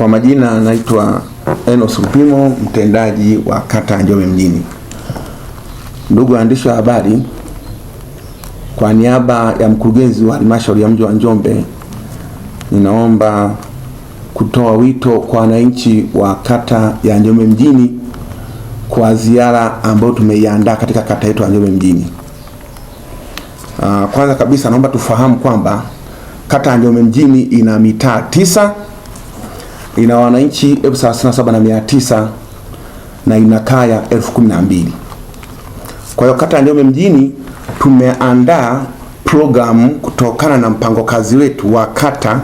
Kwa majina naitwa Enos Lupimo, mtendaji wa kata ya Njombe mjini. Ndugu waandishi wa habari, kwa niaba ya mkurugenzi wa halmashauri ya mji wa Njombe, ninaomba kutoa wito kwa wananchi wa kata ya Njombe mjini kwa ziara ambayo tumeiandaa katika kata yetu ya Njombe mjini. Ah, kwanza kabisa naomba tufahamu kwamba kata ya Njombe mjini ina mitaa tisa ina wananchi elfu thelathini na saba na mia tisa na ina kaya elfu kumi na mbili. Kwa hiyo kata ya Njombe mjini tumeandaa programu kutokana na mpango kazi wetu wa kata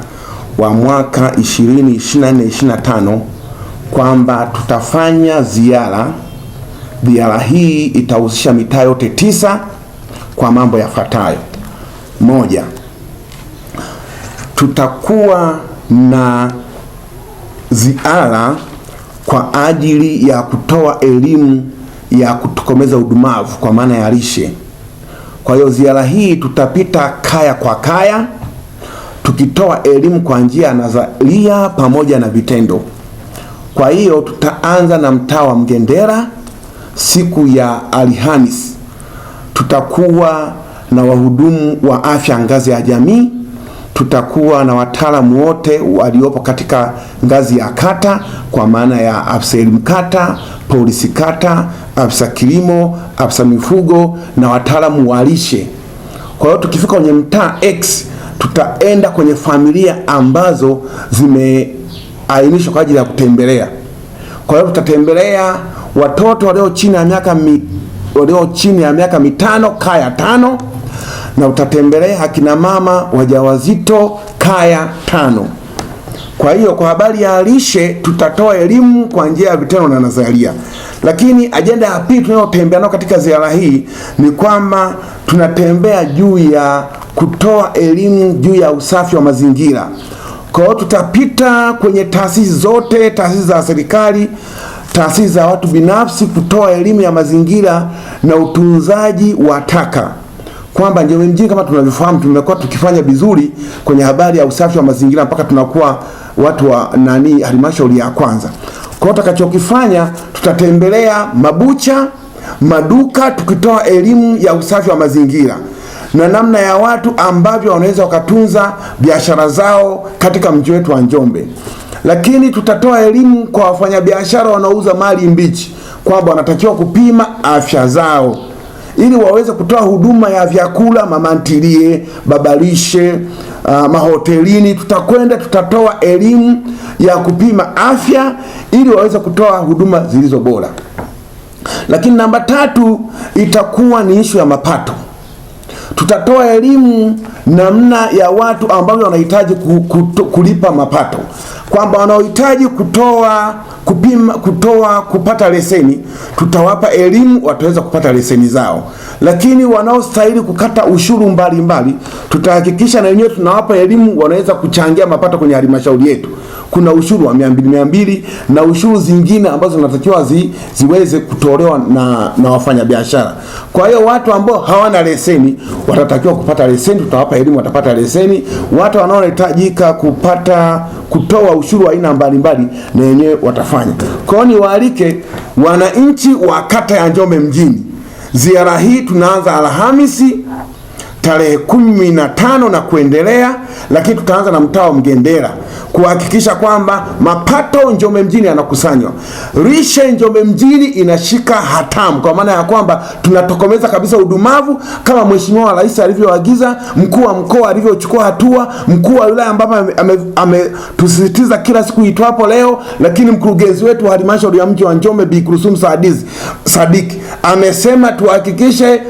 wa mwaka 2024-2025 kwamba tutafanya ziara. Ziara hii itahusisha mitaa yote tisa kwa mambo yafuatayo: moja, tutakuwa na ziara kwa ajili ya kutoa elimu ya kutokomeza udumavu kwa maana ya lishe. Kwa hiyo ziara hii tutapita kaya kwa kaya tukitoa elimu kwa njia ya nadharia pamoja na vitendo. Kwa hiyo tutaanza na mtaa wa Mgendera siku ya Alhamisi. Tutakuwa na wahudumu wa afya ngazi ya jamii tutakuwa na wataalamu wote waliopo katika ngazi ya kata kwa maana ya afisa elimu kata, polisi kata, afisa kilimo, afisa mifugo na wataalamu wa lishe. Kwa hiyo tukifika kwenye mtaa X tutaenda kwenye familia ambazo zimeainishwa kwa ajili ya kutembelea. Kwa hiyo tutatembelea watoto walio chini ya miaka mi, walio chini ya miaka mitano kaya tano na utatembelea akina mama wajawazito kaya tano. Kwa hiyo kwa habari ya lishe tutatoa elimu kwa njia ya vitendo na nadharia, lakini ajenda ya pili tunayotembea nayo katika ziara hii ni kwamba tunatembea juu ya kutoa elimu juu ya usafi wa mazingira. Kwa hiyo tutapita kwenye taasisi zote, taasisi za serikali, taasisi za watu binafsi, kutoa elimu ya mazingira na utunzaji wa taka kwamba Njombe mjini kama tunavyofahamu, tumekuwa tukifanya vizuri kwenye habari ya usafi wa mazingira mpaka tunakuwa watu wa nani, halmashauri ya kwanza. Kwa hiyo tutakachokifanya, tutatembelea mabucha, maduka, tukitoa elimu ya usafi wa mazingira na namna ya watu ambavyo wanaweza wakatunza biashara zao katika mji wetu wa Njombe. Lakini tutatoa elimu kwa wafanyabiashara wanaouza mali mbichi kwamba wanatakiwa kupima afya zao ili waweze kutoa huduma ya vyakula mama ntilie, babalishe uh, mahotelini. Tutakwenda tutatoa elimu ya kupima afya ili waweze kutoa huduma zilizo bora. Lakini namba tatu itakuwa ni ishu ya mapato. Tutatoa elimu namna ya watu ambao wanahitaji kulipa mapato, kwamba wanaohitaji kutoa kupima, kutoa, kupata leseni, tutawapa elimu, wataweza kupata leseni zao, lakini wanaostahili kukata ushuru mbalimbali tutahakikisha na wenyewe tunawapa elimu, wanaweza kuchangia mapato kwenye halmashauri yetu kuna ushuru wa mia mbili mia mbili na ushuru zingine ambazo zinatakiwa zi, ziweze kutolewa na, na wafanyabiashara. Kwa hiyo watu ambao hawana leseni watatakiwa kupata leseni, tutawapa elimu, watapata leseni. Watu wanaohitajika kupata kutoa ushuru wa aina mbalimbali na wenyewe watafanya. Kwa hiyo niwaalike wananchi wa kata ya Njombe mjini, ziara hii tunaanza Alhamisi tarehe kumi na tano na kuendelea, lakini tutaanza na mtaa wa Mgendera kuhakikisha kwamba mapato Njombe mjini yanakusanywa, lishe Njombe mjini inashika hatamu, kwa maana ya kwamba tunatokomeza kabisa udumavu kama mheshimiwa rais alivyoagiza, mkuu wa mkoa alivyochukua hatua, mkuu wa wilaya ambapo ametusisitiza ame, kila siku itwapo leo. Lakini mkurugenzi wetu wa halmashauri ya mji wa Njombe Bi Sadiki amesema tuhakikishe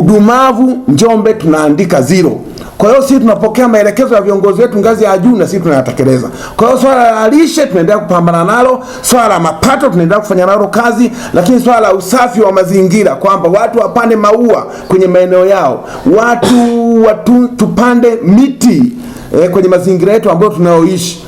udumavu Njombe tunaandika zero. Kwa hiyo sisi tunapokea maelekezo ya viongozi wetu ngazi ya juu na sisi tunayatekeleza. Kwa hiyo swala la lishe tunaendelea kupambana nalo, swala la mapato tunaendelea kufanya nalo kazi, lakini swala la usafi wa mazingira kwamba watu wapande maua kwenye maeneo yao, watu watu tupande miti eh, kwenye mazingira yetu ambayo tunayoishi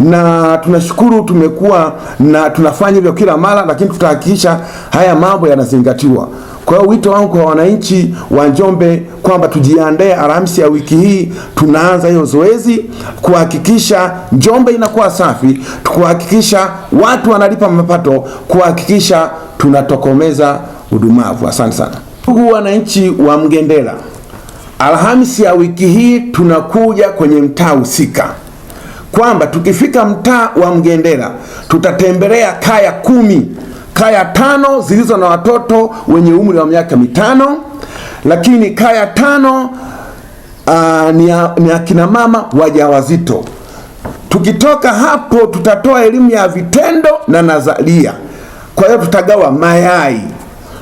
na tunashukuru tumekuwa na tunafanya hivyo kila mara, lakini tutahakikisha haya mambo yanazingatiwa. Kwa hiyo wito wangu kwa wananchi wa Njombe kwamba tujiandae, Alhamisi ya wiki hii tunaanza hiyo zoezi kuhakikisha Njombe inakuwa safi, kuhakikisha watu wanalipa mapato, kuhakikisha tunatokomeza udumavu. Asante sana ndugu wananchi wa Mgendela. Alhamisi ya wiki hii tunakuja kwenye mtaa husika, kwamba tukifika mtaa wa Mgendela tutatembelea kaya kumi kaya tano zilizo na watoto wenye umri wa miaka mitano, lakini kaya tano uh, ni, ya, ni akina mama wajawazito. Tukitoka hapo tutatoa elimu ya vitendo na nadharia. Kwa hiyo tutagawa mayai,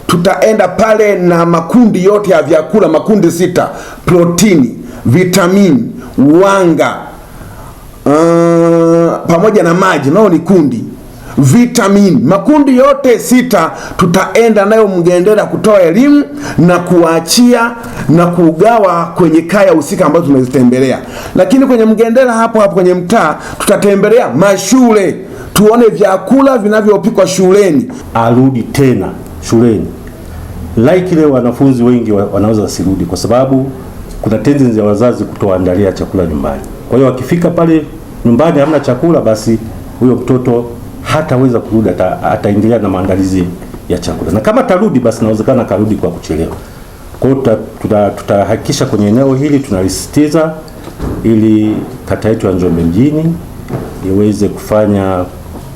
tutaenda pale na makundi yote ya vyakula, makundi sita: protini, vitamini, wanga uh, pamoja na maji, nao ni kundi vitamini. Makundi yote sita tutaenda nayo Mgendera kutoa elimu na kuachia na kugawa kwenye kaya husika ambazo tumezitembelea lakini kwenye Mgendera hapo hapo kwenye mtaa tutatembelea mashule tuone vyakula vinavyopikwa shuleni. Arudi tena shuleni Like leo, wanafunzi wengi wanaweza wasirudi kwa sababu kuna tendency ya wazazi kutoandalia chakula nyumbani. Kwa hiyo wakifika pale nyumbani hamna chakula, basi huyo mtoto hataweza kurudi, ataendelea na maandalizi ya chakula, na kama tarudi basi inawezekana karudi kwa kuchelewa. Kwa hiyo tutahakikisha tuta kwenye eneo hili tunalisisitiza, ili kata yetu ya Njombe mjini iweze kufanya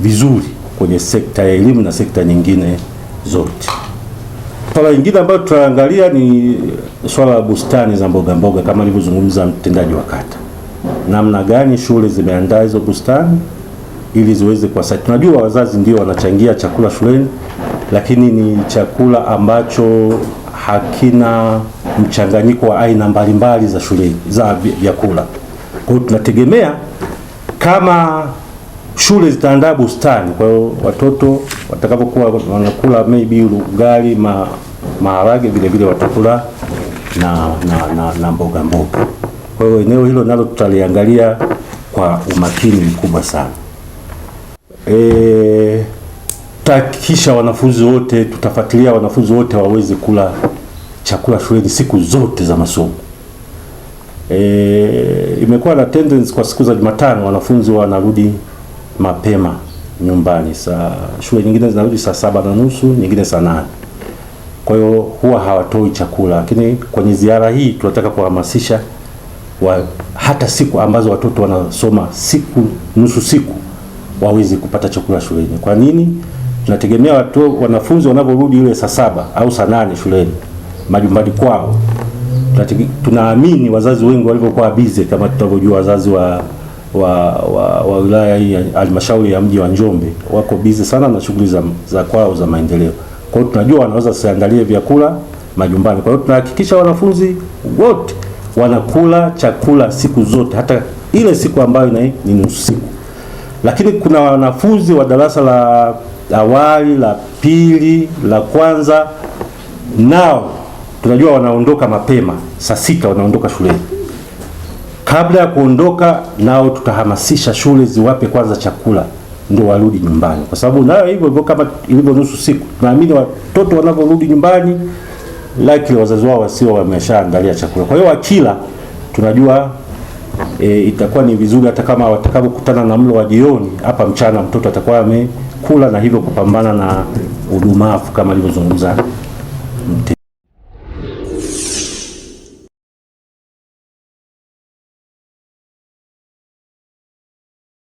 vizuri kwenye sekta ya elimu na sekta nyingine zote. Swala lingine ambayo tutaangalia ni swala la bustani za mboga mboga, kama alivyozungumza mtendaji wa kata, namna gani shule zimeandaa hizo bustani ili ziweze kuwasaidia. Tunajua wazazi ndio wanachangia chakula shuleni, lakini ni chakula ambacho hakina mchanganyiko wa aina mbalimbali za shule za vyakula. Kwa hiyo tunategemea kama shule zitaandaa bustani, kwa hiyo watoto watakapokuwa wanakula maybe ugali ma, maharage vile vile watakula na, na, na, na mboga mboga. Kwa hiyo eneo hilo nalo tutaliangalia kwa umakini mkubwa sana e, takisha wanafunzi wote tutafuatilia wanafunzi wote waweze kula chakula shuleni siku zote za masomo. E, imekuwa na tendency kwa siku za Jumatano wanafunzi wanarudi mapema nyumbani, saa shule nyingine zinarudi saa saba na nusu, nyingine saa nane. Kwa hiyo huwa hawatoi chakula, lakini kwenye ziara hii tunataka kuhamasisha wa, hata siku ambazo watoto wanasoma siku nusu siku wawezi kupata chakula shuleni. Kwa nini? Tunategemea watu wanafunzi wanavyorudi ile saa saba au saa nane shuleni majumbani kwao, tunaamini wazazi wengi walivyokuwa bize, kama tunavyojua wazazi wa wa wa, wa wilaya hii halmashauri ya mji wa Njombe wako bize sana na shughuli za, za kwao za maendeleo. Kwa hiyo tunajua wanaweza siangalie vyakula majumbani. Kwa hiyo tunahakikisha wanafunzi wote wanakula chakula siku zote, hata ile siku ambayo ni nusu siku lakini kuna wanafunzi wa darasa la awali la pili la kwanza, nao tunajua wanaondoka mapema, saa sita wanaondoka shuleni. Kabla ya kuondoka nao, tutahamasisha shule ziwape kwanza chakula ndio warudi nyumbani, kwa sababu nayo hivyo hivyo kama ilivyo nusu siku. tunaamini watoto wanavyorudi nyumbani, laki wazazi wao wasio wameshaangalia chakula, kwa hiyo wakila tunajua e, itakuwa ni vizuri hata kama watakapokutana na mlo wa jioni, hapa mchana mtoto atakuwa amekula na hivyo kupambana na udumavu kama alivyozungumza.